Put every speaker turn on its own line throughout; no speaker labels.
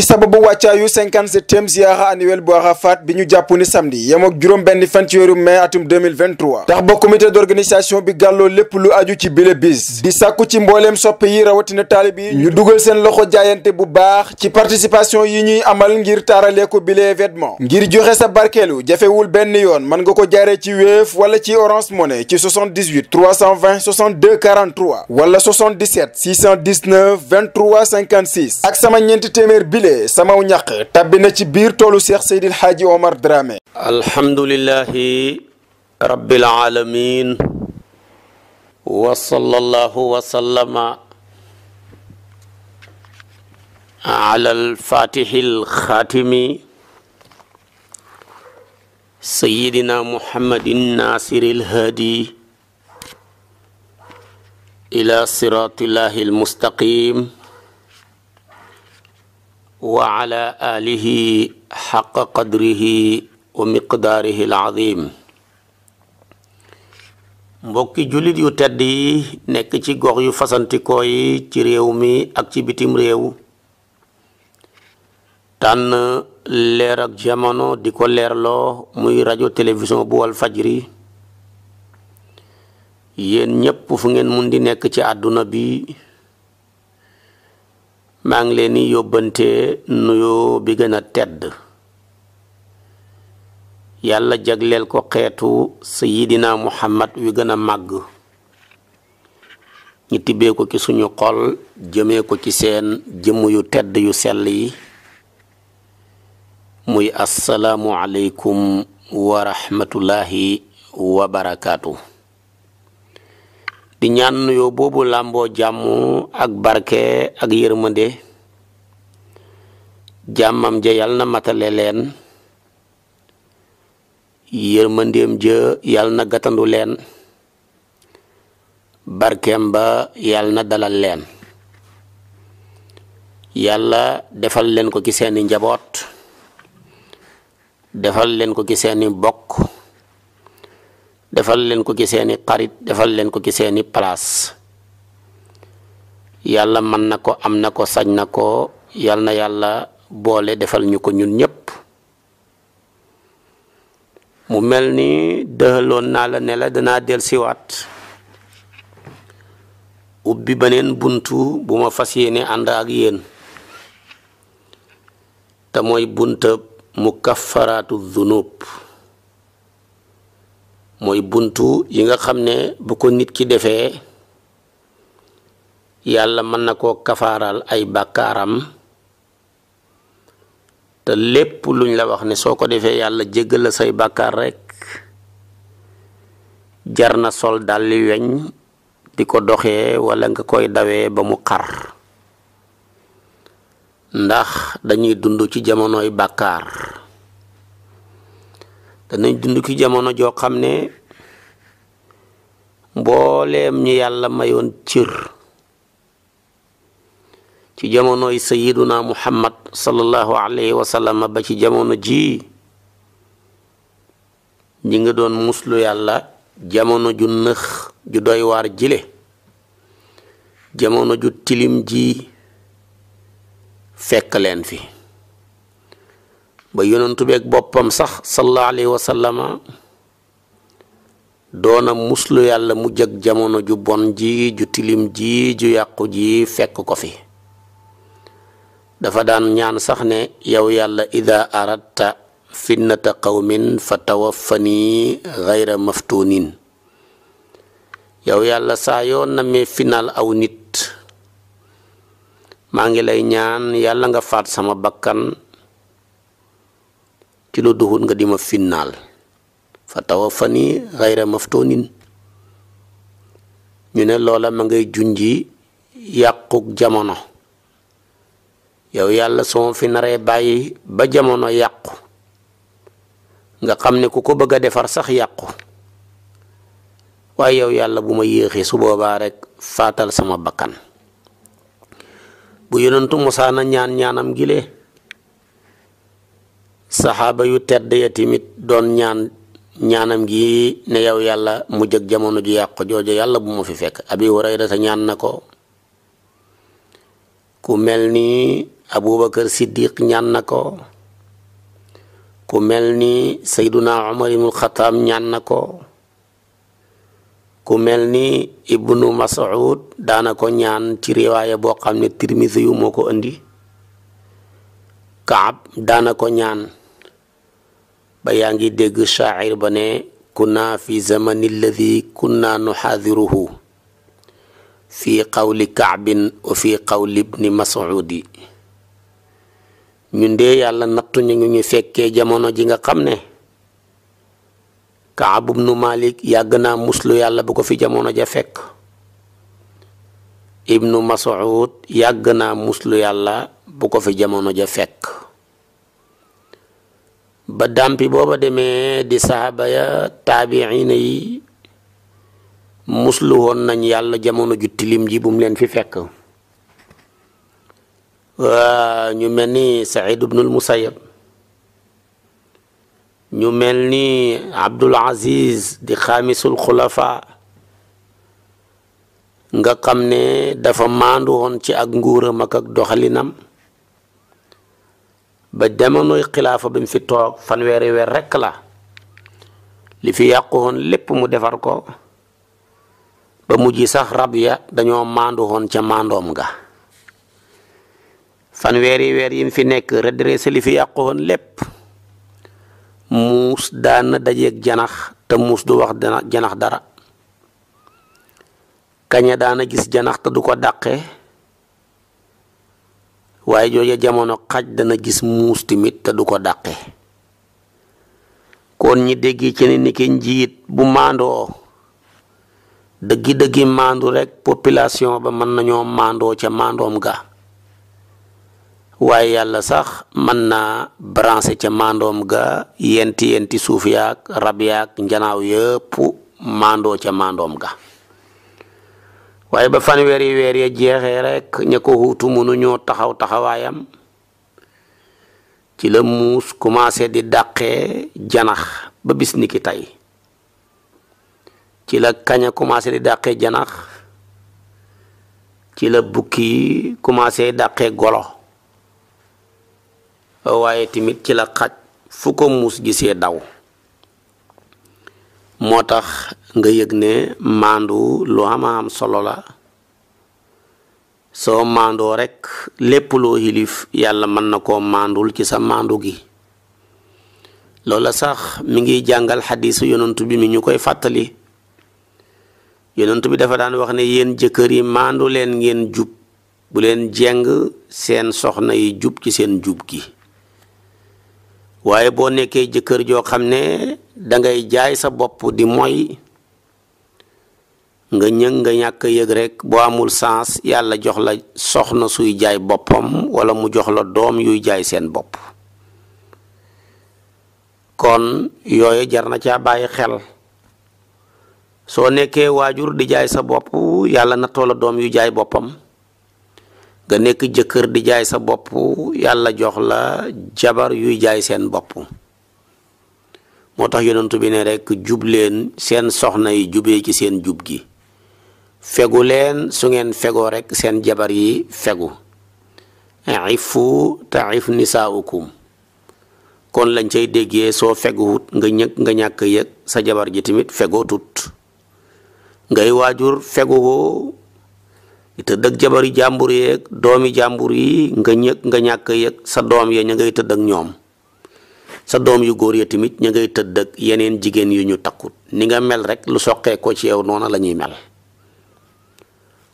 ci sababu wàccaayu 57e ziyaara annuel bu Arafat bi ñu jàpp ni samedi yemook juróom benn fan ci weeru mai atum 2023 ba comité d'organisation bi gàlloo lépp lu aju ci bile bis di sàkku ci mbooleem sopp yi rawatina taalib yi ñu dugal seen loxo jaayante bu baax ci participation yi ñuy amal ngir taaralee ko bile événement ngir joxe sa barkeelu jafewul benn yoon mën nga ko jaaree ci Wave wala ci Orange Money ci 78 320 62 43 wala 77 619 23 56 ak sama ñeenti téeméer bile lile samaw ñaq tabbi na ci biir toolu seex seydil xaaji omar Dramé
alhamdulillahi rabbil alamin wa sallallahu wa sallama ala alfaatihi alxaatimi sayyidina muhammadin naasiri alhaadi ila siratillahi almustaqim wa ala alihi xaqa qadrihi wa miqdaarihi alazim mbokki jullit yu tedd yi nekk ci gox yu fasantikoo yi ci réew mi ak ci bitim réew tànn leer ak jamono di ko leerloo muy rajo télévision bu wal fajri yéen ñépp fu ngeen mun di nekk ci àdduna bi maa ngi leen di yóbbante nuyoo bi gën a tedd yàlla jagleel ko xeetu sayidina muhammad wi gën a màgg ñu tibbee ko ci suñu xol jëmee ko ci seen jëmm yu tedd yu sell yi muy assalaamu aleykum wa rahmatullahi wa di ñaan nuyoo boobu làmboo jàmm ak barke ak yërmande jàmmam ja yal na matale leen yërmandeem ja yal na gatandu leen barkeem ba yal na dalal leen yàlla defal leen ko ci seeni njaboot defal leen ko ci seeni bokk defal leen ko ci seeni xarit defal leen ko ci seeni place yàlla mën na ko am na ko sañ na ko yal na yàlla boole defal ñu ko ñun ñépp mu mel ni dëxaloon naa la ne la danaa del siwaat ubbi beneen buntu bu ma fas yéene ànd ak yéen te mooy bunta mu kaffaraatu zunub mooy buntu yi nga xam ne bu ko nit ki defee yàlla mën na koo kafaaral ay bàkkaaram te lépp luñ la wax ne soo ko defee yàlla jéggal la say bàkkaar rekk jar na sol dàlli weñ di ko doxee walla nga koy dawee ba mu xar ndax dañuy dund ci jamonoy bàkkaar danañ dund ki jamono joo xam ne mbooleem ñu yàlla mayoon cër ci jamonoy sayiduna muhammad sallallahu alayhi wa ba ci jamono ji ñu nga doon muslu yàlla jamono ju nëx ju doy waar jile jamono ju tilim ji fekk leen fi ba yonantu beeg boppam sax sallallahu alayhi wa doona muslu yàlla mu jëg jamono ju bon ji ju tilim ji ju yàqu ji fekk ko fi dafa daan ñaan sax ne yow yàlla ida aradta fitnata qawmin fa tawaffanii gayra maftunin yow yàlla saa yoo namee final aw nit maa ngi lay ñaan yàlla nga faat sama bakkan ki la doxut nga di ma finnaal fa tawaffanii xayra maftuunin ñu ne loola ma ngay junji yàquk jamono yow yàlla soo fi naree bàyyi ba jamono yàqu nga xam ne ku ko bëgg a defar sax yàqu waaye yow yàlla bu ma yéexee su boobaa rekk faatal sama bakkan bu yonentu Musaa ñaan ñaanam gilee saxaaba yu tedd ya tamit doon ñaan ñaanam gi ne yow yàlla mu jëg jamono ju yàqu jooju yàlla bu mu fi fekk abi hurayra ñaan na ko ku mel ni abubakar siddiq ñaan na ko ku mel ni sayduna umar ibnul xataab ñaan na ko ku mel ni ibnu mas'ud daana ko ñaan ci riwaaya boo xam ne tirmisi yu moo ko indi kaab daana ñaan ba yaa ngi dégg shaacir ba ne kunna fi zamani alladi kunna nuxaadiruhu fi qawli kaabin wa fi qawli ibni masudi ñun de yàlla nattu ñu ngi fekkee jamono ji nga xam ne kaab ibnu malik yàgg naa muslu yàlla bu ko fi jamono ja fekk ibnu masud yàgg naa muslu yàlla bu ko fi jamono ja fekk ba dàmpi booba demee di saxaaba ya taabiina yi muslu woon nañ yàlla jamono ju tilim ji bu mu leen fi fekk waa ñu mel ni Saïd ibnul Musayyab ñu mel ni Abdul Aziz di xaamisul xulafa nga xam ne dafa maandu woon ci ak nguuram ak ak doxalinam ba jamonoy xilaafa bi mu fi toog fanweeri weer rekk la li fi yàqu woon lépp mu defar ko ba mujj sax rab ya dañoo maandu woon ca maandoom ga fanweeri weer yi mu fi nekk redressé li fi yàqu woon lépp muus daana dajeeg janax te muus du wax janax dara kaña daana gis janax te du ko dàqe waaye jooja jamono xaj dana gis muus tamit te du ko dàqe kon ñi dégg ci ne ni ki njiit bu maandoo dëggi-dëggi maandu rek population ba mën nañoo maandoo ca maandoom ga waaye yàlla sax mën naa branché ca maandoom ga yenti yenti suuf yaag rab yaag njanaaw yëpp maandoo ca maandoom ga waaye ba fanweeri weer ya jeexee rekk ña ko xuutu mënuñoo taxaw taxawaayam ci la muus commencé di dàqee janax ba bis ni ki tey ci la kaña commencé di dàqee janax ci la bukki commencé dàqee golo waaye tamit ci la xaj fu ko muus gisee daw moo tax nga yëg ne maandu lu ama am solo la soo maandoo rekk lépp loo xilif yàlla mën na koo maandul ci sa maandu gi loola sax mu ngi jàngal xadiisu yonantu bi mi ñu koy fàttali yonantu bi dafa daan wax ne yéen jëkkër yi maandu leen ngeen jub bu leen jeng seen soxna yi jub ci seen jub gi waaye boo nekkee jëkkër joo xam ne dangay jaay sa bopp di moy nga ñën nga ñàkk yëg rekk boo amul sens yàlla jox la soxna suy jaay boppam wala mu jox la doom yuy jaay seen bopp kon yooyu jar na caa bàyyi xel soo nekkee waajur di jaay sa bopp yàlla na toola doom yu jaay boppam nga nekk jëkkër di jaay sa bopp yàlla jox la jabar yuy jaay seen bopp moo tax yonentu bi ne rek jubleen seen soxna yi jubee ci seen jub gi fegu leen su ngeen fegoo rek seen jabar yi fegu ifu taif nisaaukum kon lañ cay déggee soo feguwut nga ñëg nga ñàkk yëg sa jabar ji tamit fegoo tut ngay waajur feguwoo tëdd ak jabari jàmbur yeeg doomi jàmbur yi nga ñëg nga ñàkk yëg sa doom ya ña ngay tëdd ak ñoom sa doom yu góor ya tamit ña ngay tëdd yeneen jigéen yu ñu takkut ni nga mel rek lu soqee ko ci yow noona la ñuy mel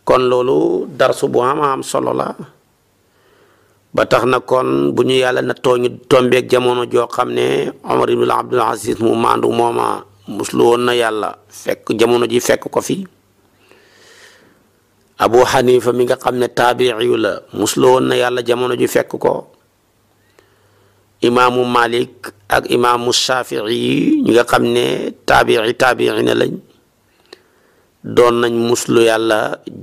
kon loolu darsu bu am solo la ba tax na kon bu ñu yàlla na tooñu tombeeg jamono joo xam ne Omar ibn Abdul Aziz mu maandu mooma muslu woon na yàlla fekk jamono ji fekk ko fi abu xanifa mi nga xam ne taabiiyu la muslu woon na yàlla jamono ju fekk ko imaamu malik ak imaamu shafii ñi nga xam ne taabii taabii ne lañ doon nañ muslu yàlla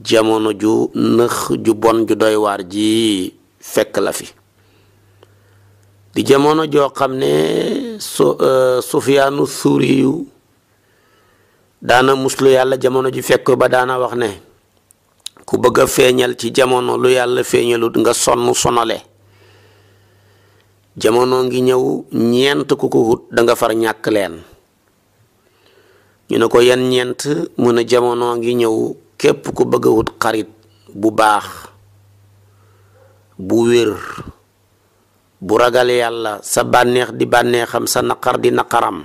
jamono ju nëx ju bon ju doy waar ji fekk la fi di jamono joo xam ne su euh, sufiyaanu suuriyu daana muslu yàlla jamono ju fekk ba daana wax ne ku bëgg a feeñal ci jamono lu yàlla feeñalut nga sonn sonole jamono ngi ñëw ñeent ku ko wut da far ñàkk leen ñu ne ko yenn ñeent mu ne jamono ngi ñëw képp ku bëgg a wut xarit bu baax bu wér bu ragal yàlla sa bànneex di bànneexam sa naqar di naqaram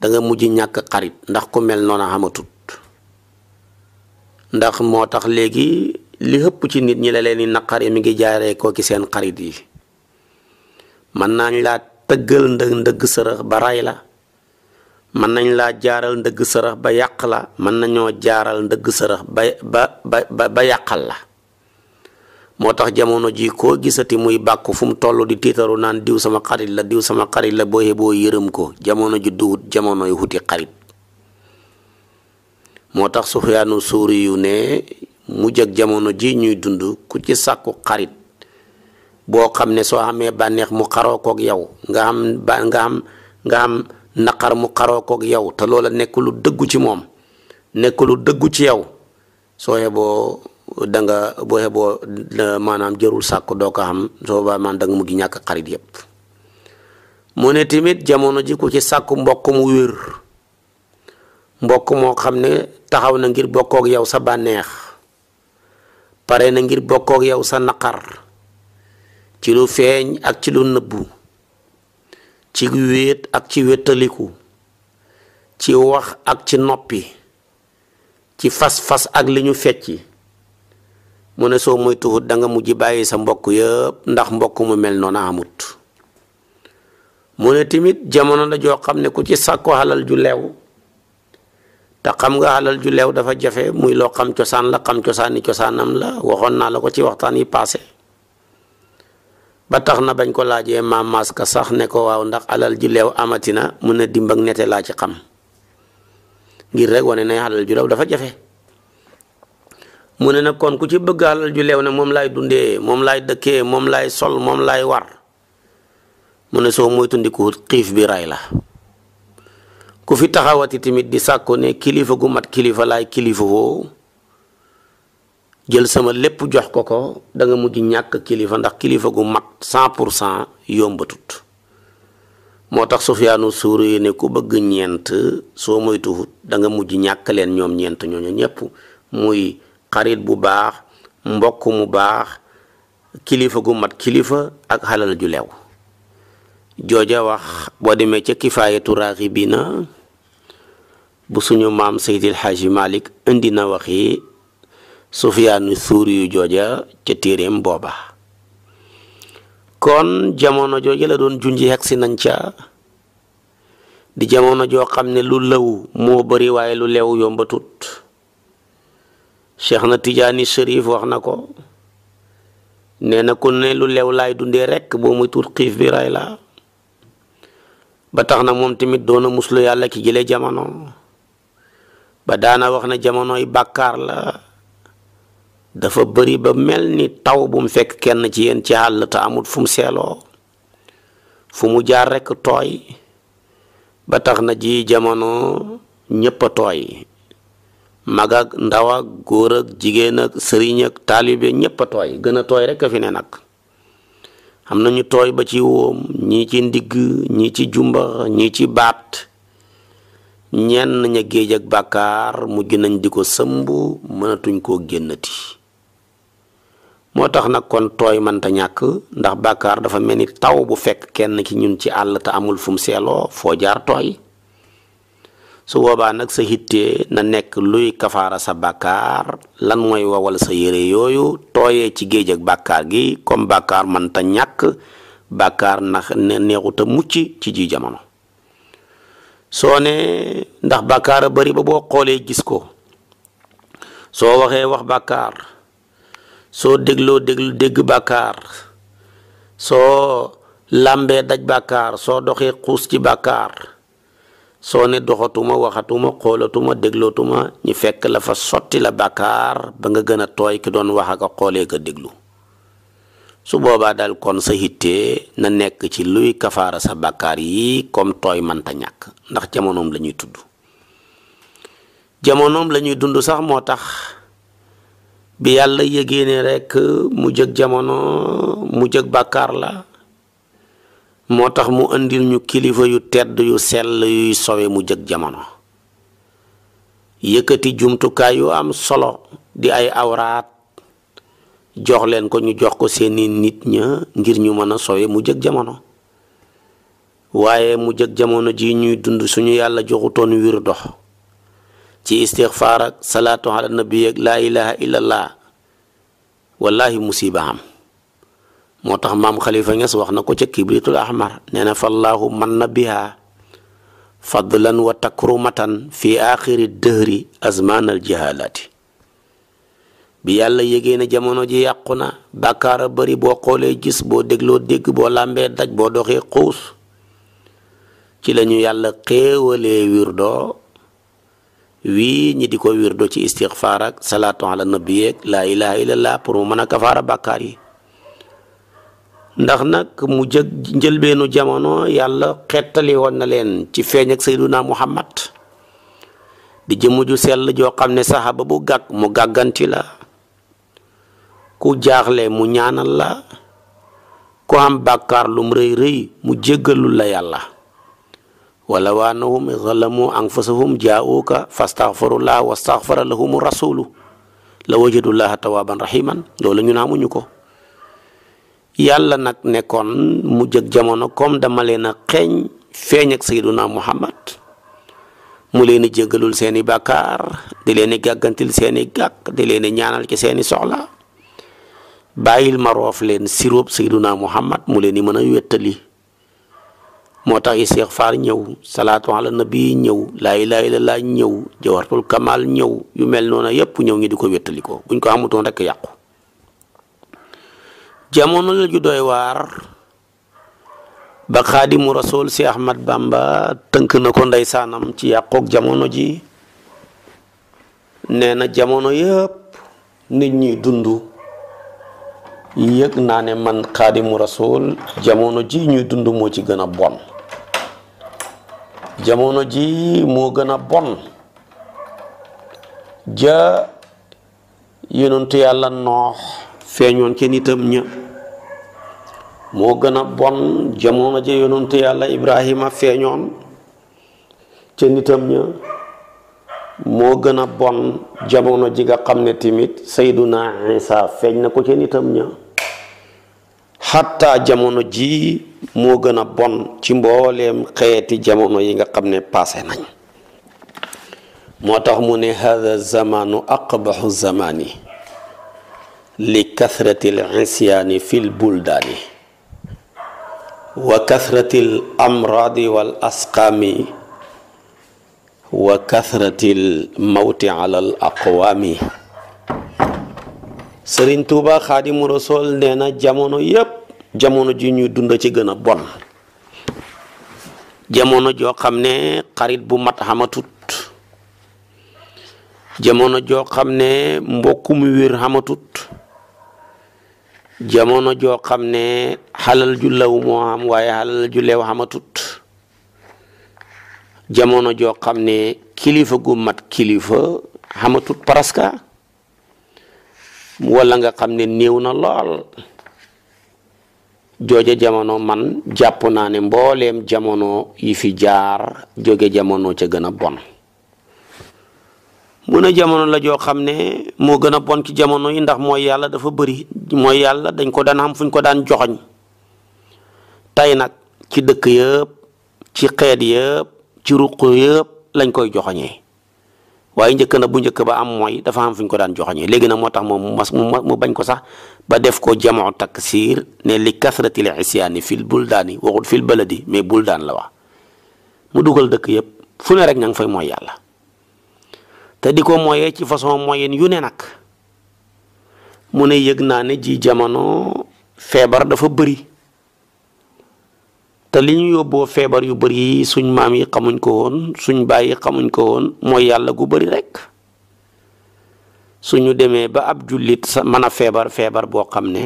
danga mujj ñàkk xarit ndax ku mel noona xamatut ndax moo tax léegi li ëpp ci nit ñi la leen di naqari mi ngi jaaree ko ci seen xarit yi mën nañ laa tëggal ndë ndëgg sërëx ba ray la mën nañ laa jaaral ndëgg sërëx ba yàq la mën nañoo jaaral ndëgg sërëx ba ba ba ba yàqal la moo tax jamono ji koo gisati muy bàkku fu mu toll di tiitaru naan diw sama xarit la diw sama xarit la boo yeboo yërëm ko jamono ji duwut jamonoy wuti xarit moo tax Sufyaanu Suuri yu ne mu jëg jamono ji ñuy dund ku ci sàkku xarit boo xam ne soo amee bànneex mu xaroo kook yow nga am nga am nga am naqar mu xaroo koog yow te loola nekk lu dëggu ci moom nekkulu lu dëggu ci yow soo yeboo danga nga boo yeboo maanaam jërul sàkk doo ko am soo ba maanaam da nga mujj ñàkk xarit yépp mu ne tamit jamono ji ku ci sàkku mbokk mu wér mbokk moo xam ne taxaw na ngir bokkook yow sa bànneex pare na ngir bokkook yow sa naqar ci lu feeñ ak ci lu nëbbu ci wéet ak ci wéttaliku ci wax ak ci noppi ci fas-fas ak li ñu fecci mu ne soo muy danga mujj bàyyi sa mbokk yëpp ndax mbokk mu mel noonu amut mu ne tamit jamono la joo xam ne ku ci sàkku alal ju lew te xam nga alal ju leew dafa jafe muy loo xam cosaan la xam cosaan ni cosaanam la waxoon naa la ko ci waxtaan yi paase ba tax na bañ ko laajee maam maaska sax ne ko waaw ndax alal ju leew amatina mun na dimb ak nete laa ci xam ngir rek wane ne alal ju leew dafa jafe mu ne nag kon ku ci bëgg alal ju leew ne moom laay dundee moom laay dëkkee moom laay sol moom laay war mu ne soo moytu ndiku xiif bi ray la ku fi taxawati tamit di sàkku ne kilifa gu mat kilifa laay kilifa woo jël sama lépp jox ko ko da nga mujj ñàkk kilifa ndax kilifa gu mat cent pour cent yombatut moo tax Sufyaanu Suuri ne ku bëgg ñeent soo moytu da nga mujj ñàkk leen ñoom ñeent ñooñu ñëpp muy xarit bu baax mbokk mu baax kilifa gu mat kilifa ak xalal ju lew jooja wax boo demee ca bii na bu suñu maam Seydil Xaaji Malik indi na waxi Sufyaanu Suuri yu jooja ca téeréem booba kon jamono jooja la doon junji hegsi nañ ca di jamono joo xam ne lu lëw moo bari waaye lu leew yombatut Cheikh na Tijaani Cherif wax na ko nee na ku ne lu leew laay dundee rekk boo muy tuut xiif bi ray la ba tax na moom tamit doona muslu yàlla ki jëlee jamono ba daana wax na jamonoy bàkkaar la dafa bari ba mel ni taw bu mu fekk kenn ci yéen ci àll te amut fu mu seeloo fu mu jaar rekk tooy ba tax na ji jamono ñépp a tooy mag ak ndaw ak góor ak jigéen ak sëriñ ak taalibe ñépp a tooy gën a tooy rekk a fi ne nag am na ñu tooy ba ci wóom ñii ci ndigg ñii ci jumba ñii ci baat ñenn ña géej ak bàkkaar mujj nañ di ko sëmb mënatuñ koo génnati moo tax nag kon tooy mënta ñàkk ndax bàkkaar dafa mel ni taw bu fekk kenn ki ñun ci àll te amul fu mu seeloo foo jaar tooy su boobaa nag sa hittee na nekk luy kafaara sa bàkkaar lan mooy wawal sa yére yooyu tooye ci géej ak bàkkaar gi comme bàkkaar man ta ñàkk bàkkaar ndax ne neexut a mucc ci ji jamono soo ne ndax bàkkaar a bari ba boo xoolee gis ko soo waxee wax bàkkaar soo dégloo déglu dégg bàkkaar soo làmbee daj bàkkaar soo doxee xuus ci bàkkaar soo ne doxatuma waxatuma xoolatuma déglootuma ñu fekk la fa sotti la bàkkaar ba nga gën a tooy ki doon wax ak a xoolee ko déglu su boobaa daal kon sa hittee na nekk ci luy kafaara sa bàkkaar yi comme tooy manta ñàkk ndax jamonoom la ñuy tudd jamonoom la ñuy dund sax moo tax bi yàlla yëgee ne rekk mu jëg jamono mu jëg bàkkaar la moo tax mu andil ñu kilifa yu tedd yu sell yuy sowe mu jëg jamono yëkkati jumtukaay yu am solo di ay awraat jox leen ko ñu jox ko seeni nit ña ngir ñu mën a sowe mu jëg jamono waaye mu jëg jamono ji ñuy dund suñu yàlla joxutoon wir dox ci istixfaar ak salaatu ala nabi ak laa ilaha illallah wallahi musiba am moo tax maam Khalifa Niass wax na ko ca kibritul ahmar nee na fallaahu man na biha fadlan wa takrumatan fi axiri dëhri azmanal jahalaati bi yàlla yégée ne jamono ji yàqu na bàkkaar a bëri boo xoolee gis boo dégloo dégg boo làmbee daj boo doxee xuus ci lañu yàlla xéewalee wirdo wii ñi di ko wirdo ci istixfaar ak salaatu ala nabi yeeg laa ilaha pour mu mën a kafaara bàkkaar yi ndax nag mu jëg njëlbeenu jamono yàlla xettali woon na leen ci feeñ ak sayduna muhammad di jëmm ju sell joo xam ne saxaaba bu gàgg mu gàgganti la ku jaaxle mu ñaanal la ku am bàkkaar lum rëy rëy mu jéggalul la yàlla wala wa annahum zalamu anfusahum jaa'uuka fastaghfirullah wastaghfara lahumu rasulu la wajadullaha tawaaban rahiman loolu ñu naamuñu ko yàlla nag nekkoon mu jëg jamono comme dama leen a xeeñ feeñ ak sayduna muhammad mu leen jéggalul seeni bàkkaar di leen gàggantil seeni gàkk di leen ñaanal ci seeni soxla bàyyil ma roof leen siróob sayduna muhammad mu leen di mën a wéttali moo tax istixfaar ñëw salaatu ala nabi ñëw laa ilaaha illallaah ñëw jawartul kamal ñëw yu mel noona yépp ñëw ñi di ko wéttali ko buñ ko amutoon rekk yàqu jamono la ju doy waar ba xaadimu rasool si Ahmad bàmba tënk na ko ndeysaanam ci yàqoog jamono ji nee na jamono yëpp nit ñi dund yëg naa ne man xaadimu rasool jamono ji ñuy dund moo ci gën a bon jamono ji moo gën a bon ja yonentu yàlla noox feeñoon ca itam ña moo gën a bon jamono ja yonentu yàlla ibrahima feeñoon ca nitam ña moo gën a bon jamono ji nga xam ne tamit sayduna isa feeñ na ko ca nitam ña xatta jamono ji moo gën a bon ci mbooleem xeeti jamono yi nga xam ne passé nañ moo tax mu ne hada zamanu aqbaxu zamani li kasrati l isyaani fi buldaani wa kasratil amraadi wal asqaami wa kasratil mawti alal aqwaami sëriñ tuuba xaadimu rasool nee na jamono yépp jamono ji ñu dund ci gën a bon jamono joo xam ne xarit bu mat xamatut jamono joo xam ne mbokk mu wér xamatut jamono joo xam ne xalal ju law moo am waaye xalal ju leew xamatut jamono joo xam ne kilifa gu mat kilifa xamatut presque wala nga xam ne néew na lool jooja jamono man jàpp naa ne mbooleem jamono yi fi jaar jóge jamono ca gën a bon mu ne jamono la joo xam ne moo gën a bon ci jamono yi ndax mooy yàlla dafa bëri mooy yàlla dañ ko daan xam fu ñu ko daan joxoñ tey nag ci dëkk yëpp ci xeet yëpp ci ruq yëpp lañ koy joxoñee waaye njëkk na bu njëkk ba am mooy dafa am fu ñu ko daan joxoñee léegi nag moo tax moom mas mu bañ ko sax ba def ko takk taksiir ne li kasratil isyaani fil bul buldaani waxut fil baladi mais bul daan la wax mu dugal dëkk yëpp fu ne rek ña ngi fay mooy yàlla te di ko moyee ci façon moyen yu ne nag mu ne yëg naa ne ji jamono feebar dafa bëri te li ñu yóbboo feebar yu bëri suñ maam yi xamuñ ko woon suñ baay yi xamuñ ko woon mooy yàlla gu bëri rek ñu demee ba ab jullit sa mana feebar feebar boo xam ne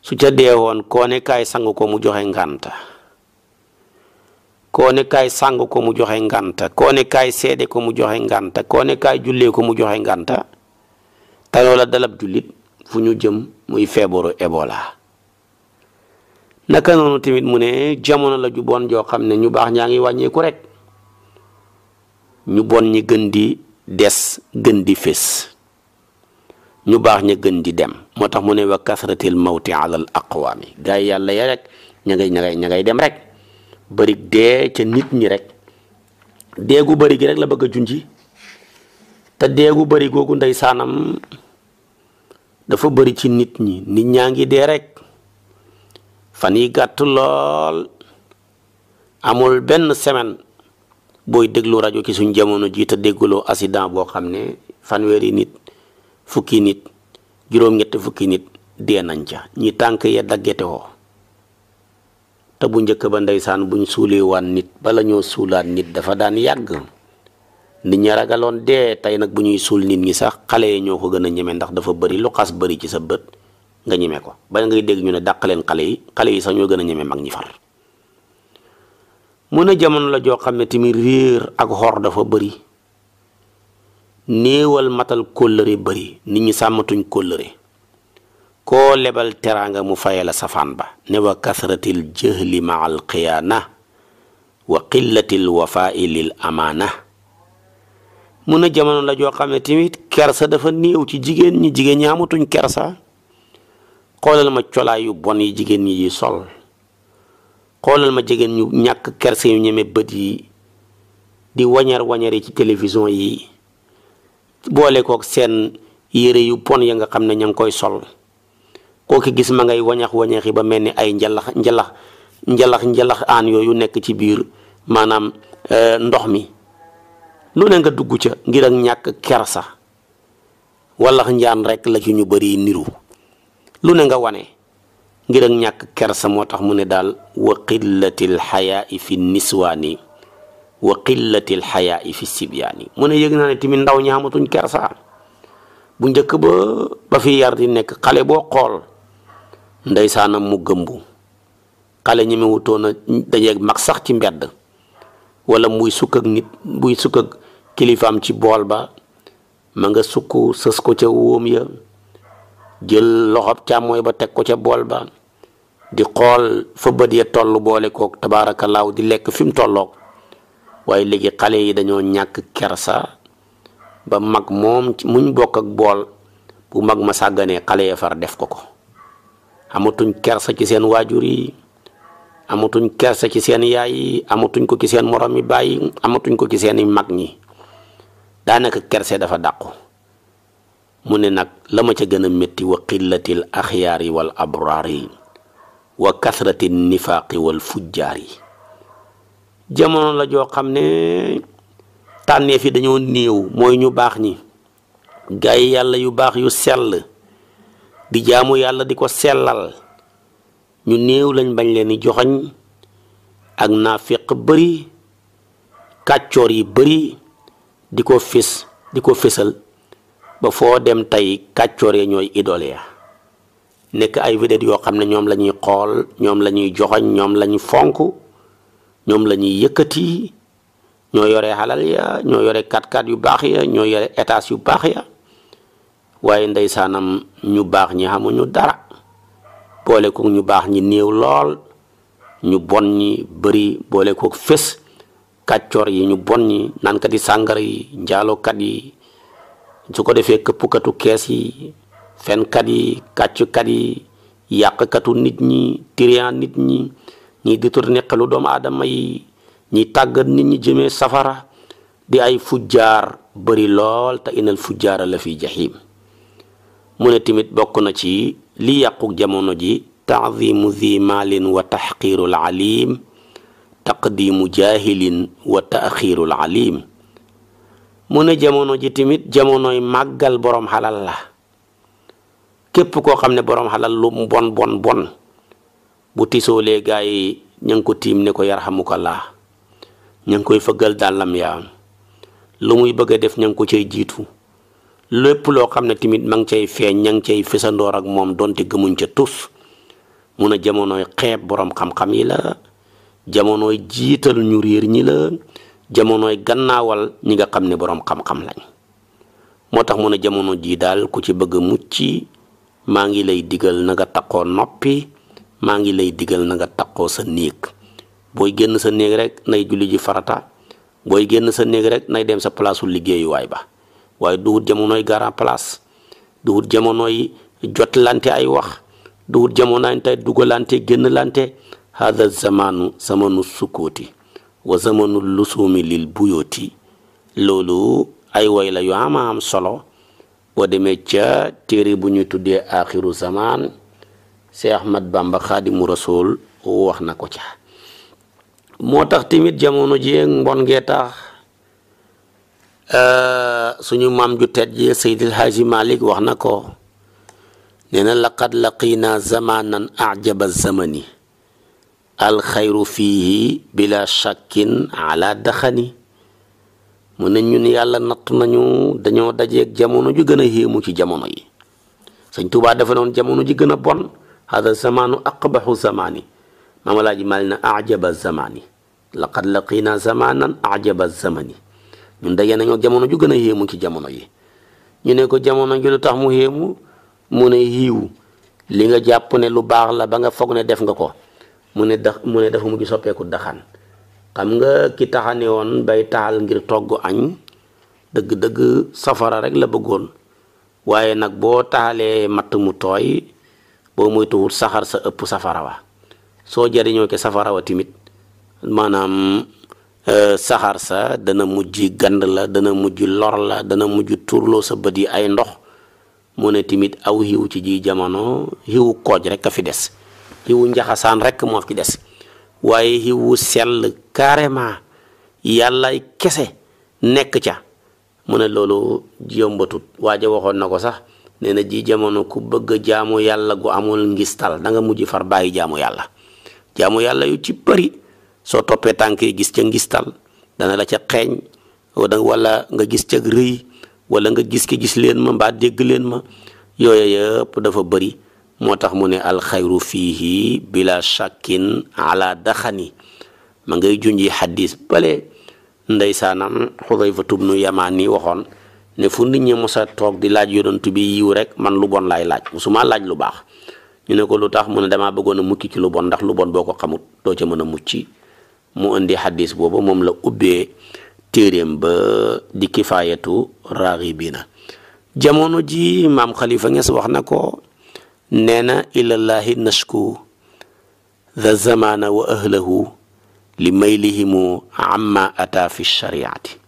su ca deewoon koo ne sangu ko mu joxe ngànta koo ne sàng ko mu joxe ngànta koo ne kaay seede ko mu joxe ngànta koo ne kaay ko mu joxe ngànta te loola dalab jullit fu ñu jëm muy feebaru Ebola naka noonu tamit mu ne jamono la ju bon joo xam ne ñu baax ñaa ngi wàññeeku rek ñu bon ñi gën di des gën di fés ñu baax ña gën di dem moo tax mu ne wa kasratil mawti alal aqwaami gars yàlla ya rek ña ngay ña ngay ña ngay dem rek bëri dee ca nit ñi rek deegu bëri gi rek la bëgg a junji te deegu bëri googu ndey saanam dafa bëri ci nit ñi nit ñaa ngi dee rek fan yi gàtt lool amul benn semaine booy déglu rajo ci suñ jamono jiita te dégguloo accident boo xam ne fanweeri nit fukki nit juróom-ñetti fukki nit dee nañ ca ñi tànk ya daggete woo te bu njëkk ba ndeysaan buñ suulee waan nit bala ñoo suulaat nit dafa daan yàgg nit ñi ragaloon dee tey nag bu ñuy suul nit ñi sax xale yi ñoo ko gën a ñeme ndax dafa bari lu xas bëri ci sa bët nga ñeme ko ba ngay dégg ñu ne dàq leen xale yi xale yi sax ñoo gën a ñeme mag ñi far mu ne jamono la joo xam ne tamit réer ak xor dafa bari néewal matal kóllëre bëri nit ñi sàmmatuñ kóllëre koo lebal teraanga mu la safaan ba ne wa kasratil jëhli ma al xiyaana wa qillatil wafaai lil amaana mun a jamono la joo xam ne tamit kersa dafa néew ci jigéen ñi jigéen ñi amatuñ kersa xoolal ma colaay yu bon yi jigéen ñi yi sol xoolal ma jigéen ñu ñàkk kersa yu ñeme bët yi di wañar wañar ci télévision yi boole kook seen yére yu bon ya nga xam ne ña ngi koy sol koo ki gis ma ngay wañax wañaxi ba mel ni ay njalax njalax njalax njalax aan yooyu nekk ci biir maanaam eh, ndox mi lu ne nga dugg ca ngir ak ñàkk kersa walax njaan rek la ci ñu bari niru lu ne nga wane ngir ak ñàkk kersa moo tax mu ne daal wa qillatil xayaai fi niswaani wa qillatil xayaai fi mu ne yëg naa ne tamit ndaw ñaamatuñ kersa bu njëkk ba ba fi yar di nekk xale boo xool ndeysaanam mu gëmbu xale ñi mu mag sax ci mbedd wala muy sukk ak nit muy sukk ak kilifaam ci bool ba ma nga sukk sës ko ca wóom ya jël loxob càmmooy ba teg ko ca bool ba di xool fa ya tollu boole kook laaw di lekk fi mu tolloog waaye léegi xale yi dañoo ñàkk kersa ba mag moom muñ bokk ak bool bu mag ma sàgganee xale ya far def ko ko amatuñ kerse ci seen waajur yi amatuñ kerse ci seen yaay yi amatuñ ko ci seen morom yi bàyyi amatuñ ko ci seeni mag ñi daanaka kerse dafa dàqu mu ne nag la ma ca gën a métti wa qillatil yi wal abraar yi wa kasrati nifaaqi wal fujjaar yi jamono la joo xam ne tànneef yi dañoo néew mooy ñu baax ñi gaay yàlla yu baax yu sell di jaamu yàlla di ko sellal ñu néew lañ bañ leen di joxoñ ak naafiq bari kàccoor yi bëri di ko fis di ko fisal ba foo dem tey kàccoor ya ñooy idole ya nekk ay vedette yoo xam ne ñoom la ñuy xool ñoom la ñuy joxoñ ñoom lañuy fonk ñoom la ñuy yëkkati ñoo yore xalal ya ñoo yore kat-kat yu baax ya ñoo yore étage yu baax ya waaye ndeysaanam ñu baax ñi xamuñu dara boole kook ñu baax ñi néew lool ñu bon ñi bëri boole kook fés kàccoor yi ñu bon ñi naankat yi sàngara yi njaalokat yi su ko defee këppkatu kees yi fenkat yi kàccukat yi yàqkatu nit ñi tiriyan nit ñi ñi di tur neqalu doomu aadama yi ñi tàggat nit ñi jëmee safara di ay fujjaar bari lool te inal fujjaara la fi jahim mu ne tamit bokk na ci li yàquk jamono ji taadimu zi maalin wa taxqiiru al alim taqdimu jaahilin wa taaxiiru al alim mu ne jamono ji tamit jamonoy màggal borom xalal la képp koo xam ne boroom xalal lu mu bon bon bon bu tisoolee gaa yi ña ngi ko tiim ne ko yarxamukallaa ña ngi koy fëggal dàllam yaa lu muy bëgg a def ña ngi ko cay jiitu lépp loo xam ne tamit ma ngi cay feeñ ña ngi cay fësandoor ak moom donte gëmuñ ca tus mun a jamonoy xeeb boroom xam-xam yi la jamonooy jiital ñu réer ñi la jamonoy gannaawal ñi nga xam ne boroom xam-xam lañ moo tax mun a jamono jii daal ku ci bëgg a mucc maa ngi lay digal na nga taqoo noppi maa ngi lay digal nanga nga sa néeg booy génn sa néeg rek nay julli ji farata booy génn sa néeg rek nay dem sa palaasu liggéeyuwaay ba waaye duwut jamonoy garan place duwut jamonoy jotlante ay wax duwut jamonoy dugalante génnlante hada zamanu zamanu sukkooti wa zamanu lusuumi lil buyooti loolu ay way la yu ama am solo boo demee ca téere bu ñuy tuddee axiru zamaan Seex Ahmad Bamba Xaadimu Rasuul wax na ko ca moo tax tamit jamono ji mbon ngee tax Euh, suñu maam ju tedd ji Seydil Haaji Malik wax na ko nee na laqad laqiina zamanan ajaba zamani alxayru fiihi bila shakkin ala daxani mu ñu ni yàlla natt nañu dañoo dajeek jamono ju gën a héemu ci jamono yi sëñ Tuubaa dafa noon jamono ji gën a bon hada zamanu aqbaxu zamani mamalaaji mali na ajaba zamani laqad laqiina zamanan ajaba zamani ñun daje nañoo jamono ju gën a yéemu ci jamono yi ñu ne ko jamono ji lu tax mu yéemu mu ne yiiw li nga jàpp ne lu baax la ba nga foog ne def nga ko mu ne dax mu ne dafa mujj soppeeku daxan xam nga ki taxane woon bay taal ngir togg añ dëgg-dëgg safara rek la bëggoon waaye nag boo taalee matt mu tooy boo moytuwul saxar sa ëpp safara wa soo jariñoo safara wa timit maanaam Euh, saxaar sa dana mujj gand la dana mujj lor la dana mujj turloo sa bët yi ay ndox mu ne tamit aw xiw ci ji jamono xiwu kooj rek a fi des xiwu njaxasaan rek moo fi des waaye xiwu sell carrément yàllaay kese nekk ca mu ne loolu yombatut waaja waxoon na ko sax nee na ji jamono ku bëgg a jaamu yàlla gu amul ngistal da nga mujj far bàyyi jaamu yàlla yàlla yu ci bëri soo toppee tànk yi gis ca ngistal dana la ca xeeñ wala nga gis ca rëy wala nga gis ki gis leen ma mbaa dégg leen ma yooyu yëpp dafa bëri moo tax mu ne alxayru fiihi bila shakkin ala daxani ma ngay junji xadis bale ndeysaanam xudayfatu bnu yamaan nii waxoon ne fu nit ñi mosa toog di laaj yonantu bi yiw rek man lu bon laay laaj mu musuma laaj lu baax ñu ne ko lu tax mu ne damaa bëggoon a mukki ci lu bon ndax lu bon boo ko xamut doo ca mën a mucc mu indi xadis boobu moom la ubbee téeréem ba di kifaayatu raaxibiina jamono ji maam Khalifa Niass wax na ko nee na ilallahi nashku da zamana wa ahlahu li maylihimu amma ata fi shariati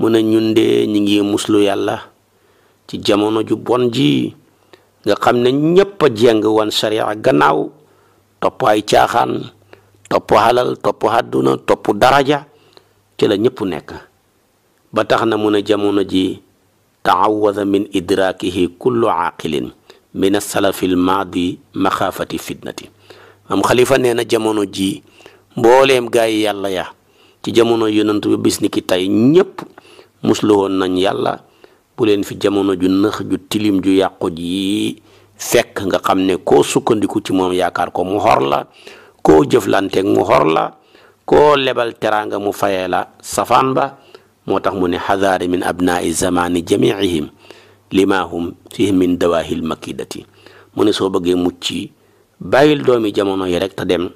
mu ne ñun de ngi muslu yàlla ci jamono ju bon ji nga xam na ñépp a jéng woon sharia gannaaw topp caaxaan topp xalal topp àdduna topp daraja ci la ñëpp nekk ba tax na mu jamono ji taawada min idrakihi kullu aaqilin min asalafi almaadi maxaafati fitnati am xalifa nee na jamono ji mbooleem gaa yi yàlla ya ci jamono yonent bi bis ni ki tey ñépp muslu woon nañ yàlla bu leen fi jamono ju nëx ju tilim ju yàqu ji fekk nga xam ne ko sukkandiku ci moom yaakaar ko mu xor koo jëflante mu xor la koo lebal teraanga mu fayee la safaan ba moo tax mu ne xadaari min abnaai zamani jamiihim lima hum fihi min dawaahil makidati mu ne soo bëggee mucc ci bàyyil doomi jamono yi rek te dem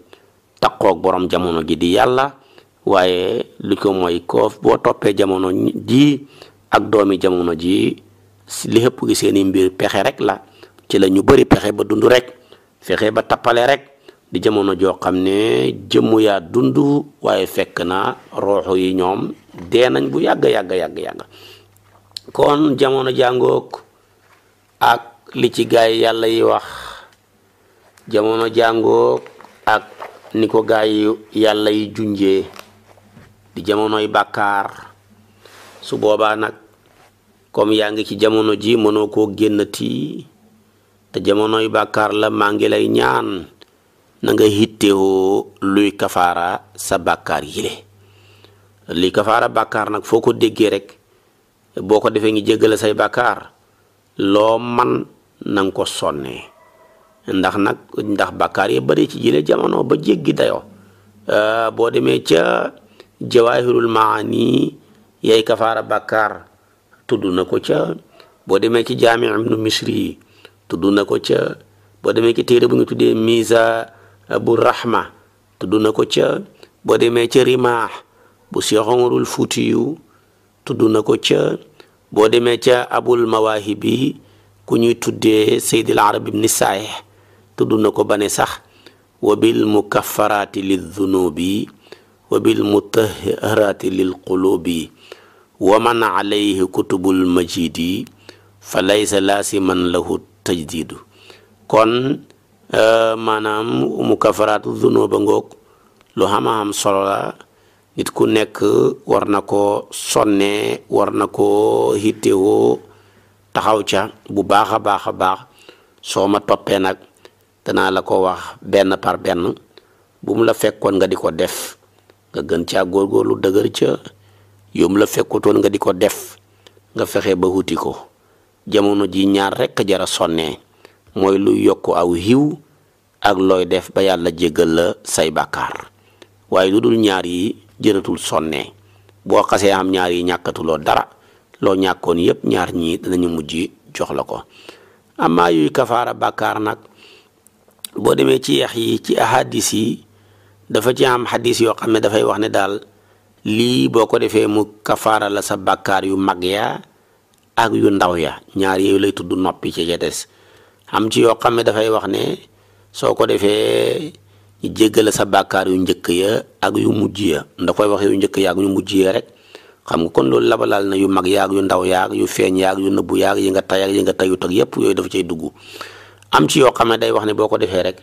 taqoog borom jamono ji di yàlla waaye lu ko mooy koo boo toppee jamono ji ak doomi jamono ji li xëpp gi seeni mbir pexe rek la ci la ñu pexe ba dund rek fexe ba tappale rek di jamono joo xam ne jëmm yaa dund waaye fekk na rooxu yi ñoom dee nañ bu yàgg yàgg yàgg yàgg kon jamono jàngook ak li ci gaay yàlla yi wax jamono jàngoog ak ni ko gaay yàlla yi junjee di jamonoy bàkkaar su boobaa nag kom yaa ngi ci jamono ji mënoo koo génnati te jamonoy bàkkaar la maa ngi lay ñaan na nga luy kafaara sa bakkaar yile li kafaara bakkaar nag foo ko déggee rek boo ko defee ngi jéggale say bàkkaar loo man nang ko sonnee ndax nag ndax bakkaar bàkkaar yi bari ci jile jamono ba jéggi dayoo euh, boo demee ca jawaahirul ni yay kafaara bàkkaar tudd na ko ca boo demee ci jaami ibnu misri yi tudd na ko ca boo demee ci téere bu ñu tuddee misa bu rahma tudd na ko ca boo demee ca rimaax bu Cheikh Omarul Fuutiyu tudd na ko ca boo demee ca abul mawaahibi ku ñuy tuddee Seydil Arab ibni Saayih tudd na ko bane sax wa bi mukaffaraati lil dunubi wa bil mutahharaati lil qulubi wa man alayhi kutubul majidi fa laysa laasiman lahu tajdidu Euh, maanaam mu kafaraatu zunóoba ngoog lu xam-xam solo la nit ku nekk war na koo sonnee war na koo hittewoo taxaw ca bu baax a baax a baax soo ma toppee nag danaa la ko wax benn par benn bu mu la fekkoon nga di ko def nga gën caa góorgóorlu dëgër ca yom la fekkutoon nga di ko def nga fexe ba wuti ko jamono ji ñaar rekk jara sonnee mooy luy yokk aw yiw ak looy def ba yàlla jéggal la say bàkkaar waaye lu dul ñaar yi jëratul sonne boo xasee am ñaar yi ñàkkatuloo dara loo ñàkkoon yépp ñaar ñii danañu mujj jox la ko amaa yuy kafaara bàkkaar nag boo demee ci yeex yi ci ahadis yi dafa ci am xadis yoo xam ne dafay wax ne daal lii boo ko defee mu kafaara la sa bàkkaar yu mag ya ak yu ndaw ya ñaar yooyu lay tudd noppi ci ca des am ci yoo xam ne dafay wax ne soo ko defee ñu sa bàkkaar yu njëkk ya ak yu mujj ya nda koy yu njëkk ya ak yu mujj ya rek xam nga kon loolu na yu mag yaag yu ndaw yaag yu feeñ yaag yu nëbbu yaag yi nga tay yi nga tayut ak yépp yooyu dafa cay dugg am ci yoo xam ne day wax ne boo ko defee rek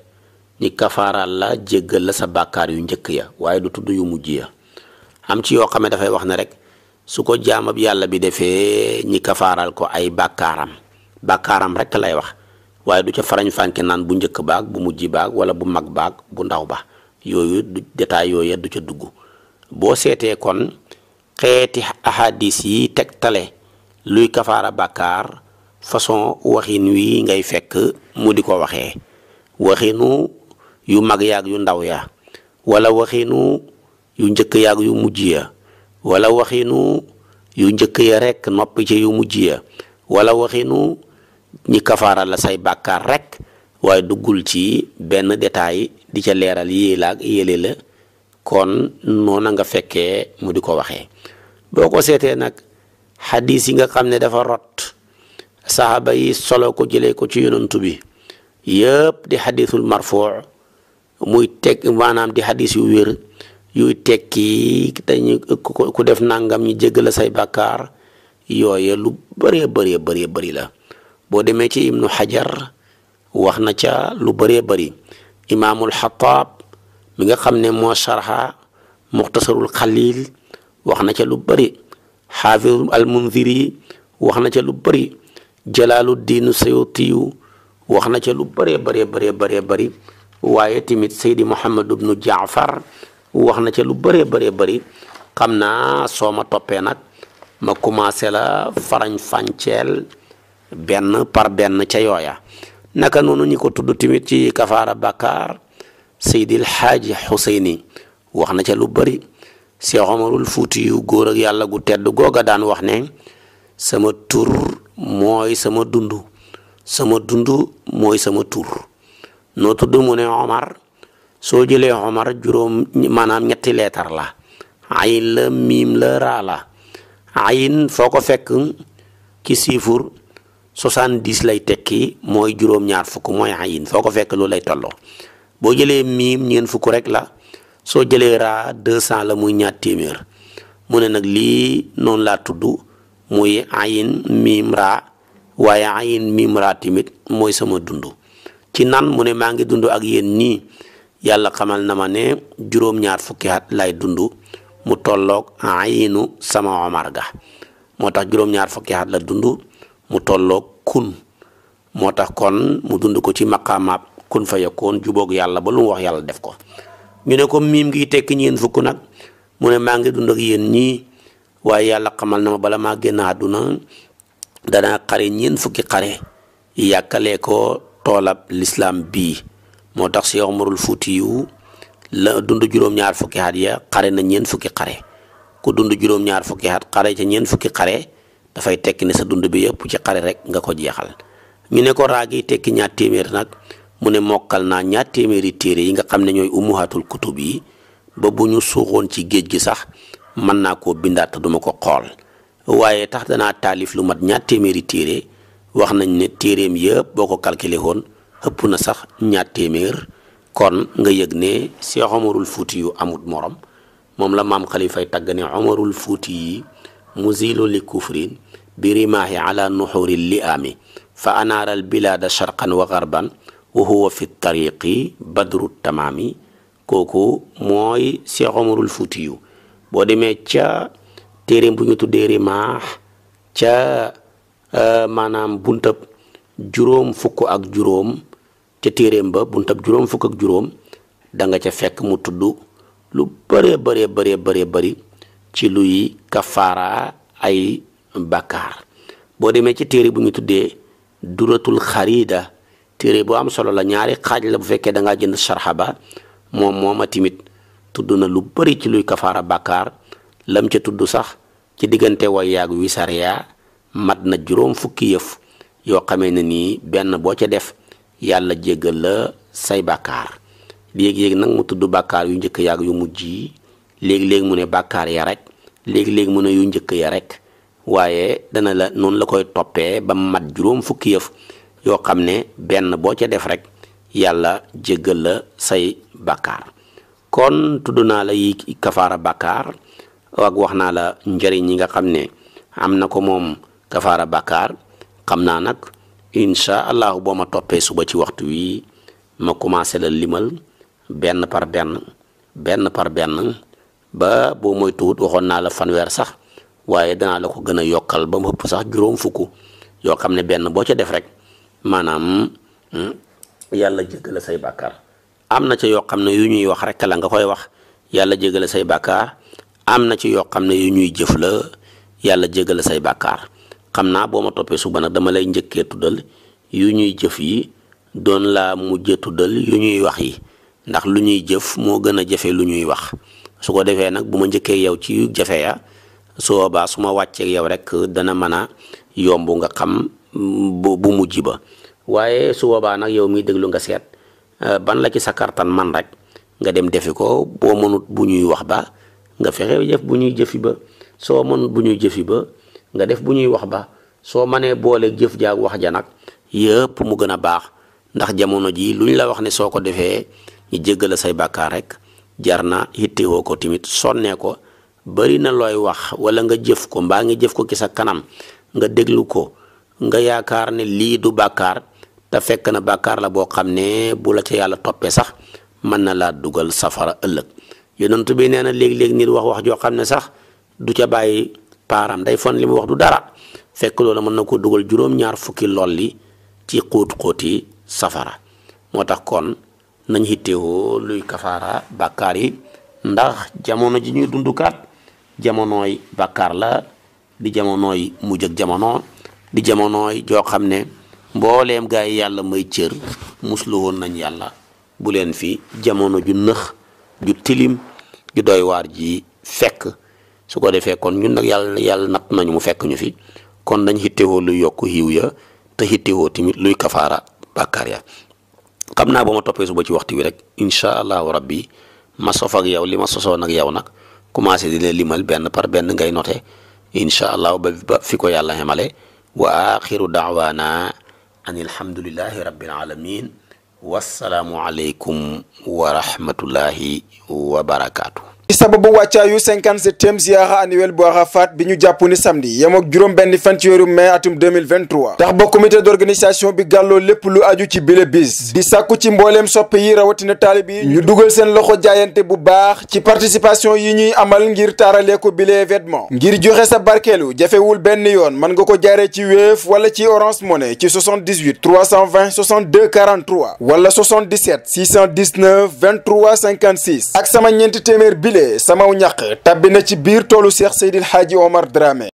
ñi kafaaraal la jéggal la sa bàkkaar yu njëkk ya waaye du tudd yu mujj ya am ci yoo xam ne dafay wax ne rek su ko jaamab yàlla bi defee ñi kafaaral ko ay bàkkaaram bàkkaaram rek lay wax waaye du ca farañ fànke naan bu njëkk baag bu mujj baag wala bu mag baag bu ndaw ba yooyu du détail yooyu du ca dugg boo seetee kon xeeti ahadis yi teg tale luy kafaara bàkkaar façon waxin wi ngay fekk mu di ko waxee waxinu yu mag yaag yu ndaw ya wala waxinu yu njëkk yaag yu mujj ya wala waxinu yu njëkk ya rekk nopp ci yu mujj ya wala waxinu ñi kafaara la say bàkkaar rekk waaye duggul ci benn détail di ca leeral yii la ak la kon noona nga fekkee mu di ko waxee boo ko seetee nag xadis yi nga xam ne dafa rot saxaaba yi solo ko jëlee ko ci yonantu bi yëpp di xadisul marfuu muy tekk maanaam di xadis yu wér yuy tekki dañu ku def nangam ñu jégg la say bàkkaar yooye lu bëree bëree bëree bëri la boo demee ci ibnu xajar wax na ca lu bëree bëri imaamul xataab mi nga xam ne moo sarxa muxtasarul xalil wax na ca lu bëri xaafiz al munziri wax na ca lu bëri jalalu diinu sayutiyu wax na ca lu bëree bëree bëree bëree bëri waaye tamit saydi muhammad ibnu jaafar wax na ca lu bëree bëree bëri xam naa soo ma toppee nag ma commencé la farañ benn par benn ca yooya naka noonu ñi ko tudd tamit ci kafaara bakar seydil xaaji xuseyni wax na ca lu bari Seex Omarul Fuuti yu góor ak yàlla gu tedd googa daan wax ne sama tur mooy sama dund sama dund mooy sama tur noo tudd mu ne Omar soo jëlee Omar juróom maanaam ñetti leetar la ayin la miim la raa la ayin foo fekk ci siifur 70 lay tekki mooy juróom-ñaar fukk mooy ayin foo ko fekk loolu lay tolloo boo jëlee miim ñeen fukk rek la soo jëlee raa 200 la muy ñaar téeméer mu ne nag lii noonu laa tudd muy ayin miim raa waaye ayin miim mooy sama dund ci nan mu ne maa ngi dund ak yéen nii yàlla xamal na ma ne juróom-ñaar fukki at lay dund mu tolloog ayinu sama omar ga moo tax juróom-ñaar fukki at la dund mu tolloo kun moo tax kon mu dund ko ci maqaamaab kun fa yakkoon jubóog yàlla ba lu mu wax yàlla def ko ñu ne ko miim ngi tekki ñeen fukk nag mu ne maa ngi dund ak yéen ñii waaye yàlla xamal na ma bala maa génn àdduna danaa xare ñeen fukki xare yàkkale ko toolab lislaam bii moo tax Cheikh Umarul Fuutiyu la dund juróom-ñaar fukki at xare na ñeen fukki xare ku dund juróom-ñaar fukki at xare ca ñeen fukki xare dafay tekki ne sa dund bi yëpp ci xare rek nga ko jeexal ñu ne ko raagi tekki ñaar téeméer nag mu ne mokkal naa ñaar téeméeri téere yi nga xam ne ñooy ummuhaatul kutub yi ba bu ñu suuxoon ci géej gi sax mën naa ko bindaat duma ko xool waaye tax danaa taalif lu mat ñaar téeméeri téere wax nañ ne téereem yëpp boo ko calculé woon ëpp na sax ñaar téeméer kon nga yëg ne Seex Omarul Fuuti yu amut morom moom la maam xalifay fay ne Omarul Fuuti yi muzilu li kufrin bi rimaahi ala nuxuri liaami fa anaara al bilaada sharqan wa garban wa huwa fi tariqi badru tamaami kooku mooy Cheikh Omarul Fuutiyu boo demee ca téeréem bu ñu tuddee rimaax ca euh, maanaam buntab juróom fukk ak juróom ca téeréem ba buntab juróom fukk ak juróom da nga ca fekk mu tudd lu bëree bëree bëree bëree ci luy kafaara ay bàkkaar boo demee ci téere bu ñu tuddee duratul xarida téere boo am solo la ñaari xaaj la bu fekkee da jënd sarxa ba moom mooma timit tudd na lu bëri ci luy kafaara bàkkaar lam ca tudd sax ci diggante way yaag wi sariya mat na juróom fukki yëf yoo xamee ne nii benn boo ca def yàlla jéggal la say bàkkaar léegi-léegi nag mu tudd bàkkaar yu njëkk yàgg yu mujj yi léegi-léegi mu ne bàkkaar ya rek léegi-léegi mu ne yu njëkk ya rek waaye dana la noonu la koy toppee ba mat juróom fukki yëf yoo xam ne benn boo ca def rek yàlla jéggal la say bàkkaar kon tudd naa la yi kafaara bàkkaar ak wax naa la njëriñ yi nga xam ne am na ko moom kafaara bàkkaar xam naa nag incha allahu boo ma toppee suba ci waxtu wi ma commencé la limal benn par benn benn par benn ba boo mooy tuut waxoon naa la fanweer sax waaye danaa la ko gën a yokkal ba mu ëpp sax juróom fukk yoo xam ne benn boo ca def rek maanaam hmm, yàlla jéggal say bàkkaar am na ca yoo xam ne yu ñuy wax rek la nga koy wax yàlla jéggal say bàkkaar am na ci yoo xam ne yu ñuy jëf la yàlla jéggal say bàkkaar xam naa boo ma toppee suba nag dama lay njëkkee tuddal yu ñuy jëf yi doon laa mujjee tuddal yu ñuy wax yi ndax lu ñuy jëf moo gën a jafe lu ñuy wax su ko defee nag bu ma njëkkee yow ci jafeya su boobaa su ma wàcceeg yow rek dana mën a yomb nga xam bu mujj ba waaye su boobaa nag yow miy déglu nga seet euh, ban la ci sa kartan man rek nga dem defi ko boo mënut bu ñuy wax ba nga fexe def bu ñuy jëfi ba soo mënut bu ñuy jëfi ba nga def bu ñuy wax ba soo mënee boole jëf jaag wax ja nag yëpp mu gën a baax ndax jamono ji lu ñu la wax ne soo ko defee ñu jéggala say bàkkaar rek jar na yittewoo ko tamit sonnee ko bari na looy wax wala nga jëf ko mbaa ngi jëf ko ki sa kanam nga déglu ko nga yaakaar ne lii du bàkkaar te fekk na bàkkaar la boo xam ne bu la ca yàlla toppee sax mën na laa dugal safara ëllëg yonent bi nee na léeg-léeg nit wax wax joo xam ne sax du ca bàyyi paaram day fon li mu wax du dara fekk la mën na ko dugal juróom-ñaar fukki lolli ci xóot xóoti safara moo tax kon nañ hittewoo luy kafaara bàkkaar yi ndax jamono ji ñuy dundukaat jamonoy bàkkaar la di jamonoy mujj ak jamono di jamonooy joo xam ne mbooleem gaa yi yàlla may cër muslu woon nañ yàlla bu leen fi jamono ju nëx ju tilim ju doy waar ji fekk su ko defee kon ñun nag yàlla yàlla natt nañu mu fekk ñu fi kon nañ xittewoo luy yokk xiiw ya te xittewoo timit luy kafaara bàkkaar ya xam naa ba ma toppee suba ci waxtu wi rek incha allahu rabbi ma sof ak yow li ma sosoon ak yow nag commencé di leen limal benn par benn ngay noté incha allah ba fi ko yàlla xemale wa axiru daawaana an alhamdulillahi rabbil alamin wassalaamu aleykum wa rahmatullahi wa barakaatu
ci sababu wàccaayu 57e ziara annuel bu Arafat bi ñu jàpp ni samedi yemook juróom benn fan ci weeru mai atum 2023 tax ba comité d'organisation bi gàlloo lépp lu aju ci bile bis di sàkku ci mbooleem sopp yi rawatina taalib yi ñu dugal seen loxo jaayante bu baax ci participation yi ñuy amal ngir taaralee ko bile événement ngir joxe sa barkeelu jafewul benn yoon mën nga ko jaaree ci Wave wala ci Orange Money ci 78 320 62 43 wala 77 619 23 56 ak sama ñeenti téeméer bile lile samaw ñaq tabbi na ci biir toolu Cheikh Seydil Hadji Omar Dramé